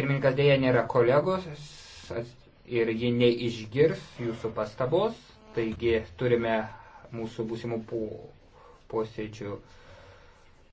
Pirmininkas dėja nėra kolegos ir ji neišgirs jūsų pastabos, taigi turime mūsų būsimų posėdžių